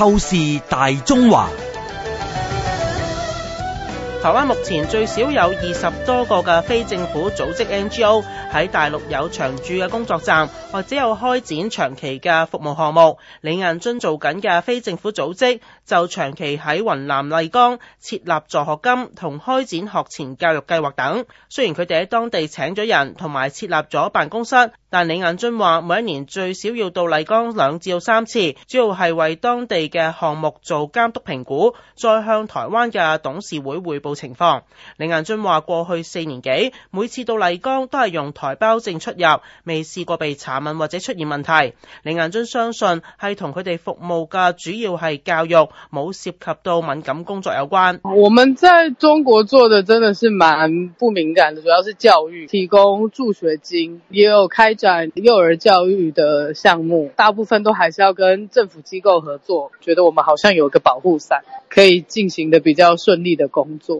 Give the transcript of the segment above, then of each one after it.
透視大中華。台灣目前最少有二十多個嘅非政府組織 NGO 喺大陸有長駐嘅工作站，或者有開展長期嘅服務項目。李雁津做緊嘅非政府組織就長期喺雲南麗江設立助學金同開展學前教育計劃等。雖然佢哋喺當地請咗人同埋設立咗辦公室，但李雁津話每一年最少要到麗江兩至三次，主要係為當地嘅項目做監督評估，再向台灣嘅董事會匯報。情況，李彥俊話：過去四年幾，每次到麗江都係用台胞證出入，未試過被查問或者出現問題。李彥俊相信係同佢哋服務嘅主要係教育，冇涉及到敏感工作有關。我們在中國做的真的是蠻不敏感的，主要是教育，提供助學金，也有開展幼兒教育的項目，大部分都還是要跟政府機構合作，覺得我們好像有個保護傘，可以進行得比較順利的工作。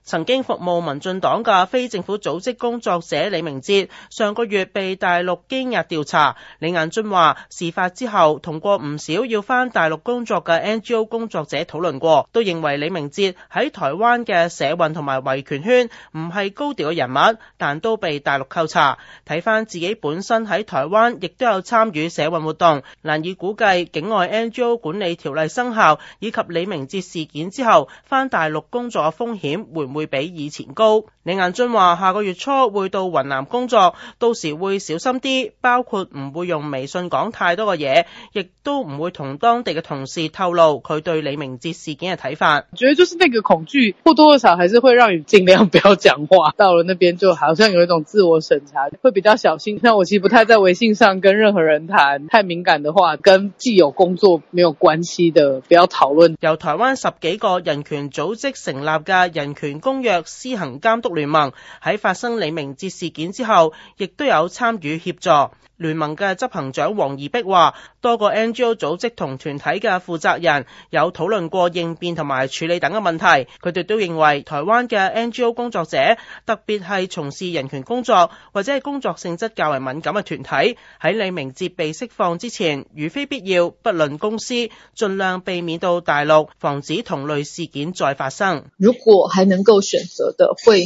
曾經服務民進黨嘅非政府組織工作者李明哲，上個月被大陸羈押調查。李彥尊話，事發之後同過唔少要翻大陸工作嘅 NGO 工作者討論過，都認為李明哲喺台灣嘅社運同埋維權圈唔係高調嘅人物，但都被大陸扣查。睇翻自己本身喺台灣亦都有參與社運活動，難以估計境外 NGO 管理條例生效以及李明哲事件之後翻大陸工作風險會。會比以前高。李彥俊話：下個月初會到雲南工作，到時會小心啲，包括唔會用微信講太多嘅嘢，亦都唔會同當地嘅同事透露佢對李明哲事件嘅睇法。覺得就是那個恐懼或多或少還是會讓你盡量不要講話。到了那邊就好像有一種自我審查，會比較小心。但我其實不太在微信上跟任何人談太敏感的話，跟既有工作沒有關係的不要討論。由台灣十幾個人權組織成立嘅人權公約施行監督。聯盟喺發生李明哲事件之後，亦都有參與協助。聯盟嘅執行長黃宜碧話，多個 NGO 組織同團體嘅負責人有討論過應變同埋處理等嘅問題。佢哋都認為，台灣嘅 NGO 工作者，特別係從事人權工作或者係工作性質較為敏感嘅團體，喺李明哲被釋放之前，如非必要，不論公司，盡量避免到大陸，防止同類事件再發生。如果還能夠選擇的，會。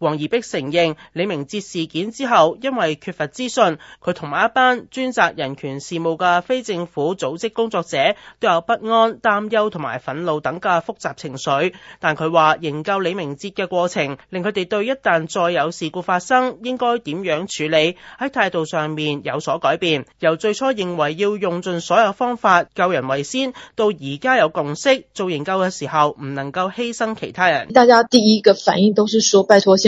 黃宜碧承認李明哲事件之後，因為缺乏資訊，佢同埋一班專責人權事務嘅非政府組織工作者都有不安、擔憂同埋憤怒等嘅複雜情緒。但佢話營救李明哲嘅過程，令佢哋對一旦再有事故發生，應該點樣處理，喺態度上面有所改變。由最初認為要用盡所有方法救人為先，到而家有共識，做營救嘅時候唔能夠犧牲其他人。大家第一個反應都是說，拜託先。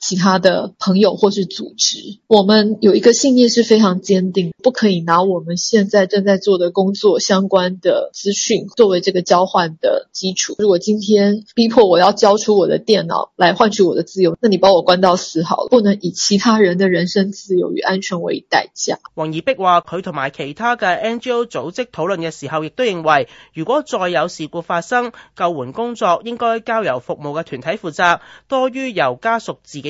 其他的朋友或是組織，我們有一個信念，是非常堅定，不可以拿我們現在正在做的工作相關的資訊作為這個交換的基礎。如果今天逼迫我要交出我的電腦來換取我的自由，那你把我關到死好了，不能以其他人的人身自由與安全為代價。王宜碧話，佢同埋其他嘅 NGO 組織討論嘅時候，亦都認為，如果再有事故發生，救援工作應該交由服務嘅團體負責，多於由家屬自己。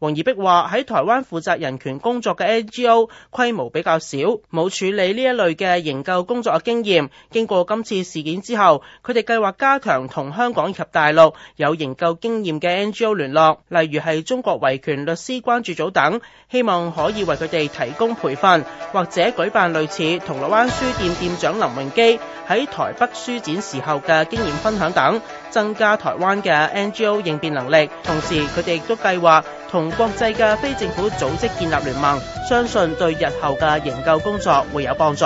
黃宜碧話：喺台灣負責人權工作嘅 NGO 規模比較少，冇處理呢一類嘅營救工作嘅經驗。經過今次事件之後，佢哋計劃加強同香港及大陸有營救經驗嘅 NGO 聯絡，例如係中國維權律師關注組等，希望可以為佢哋提供培訓或者舉辦類似銅鑼灣書店店長林榮基喺台北書展時候嘅經驗分享等，增加台灣嘅 NGO 應變能力。同時，佢哋亦都計。計劃同國際嘅非政府組織建立聯盟，相信對日後嘅營救工作會有幫助。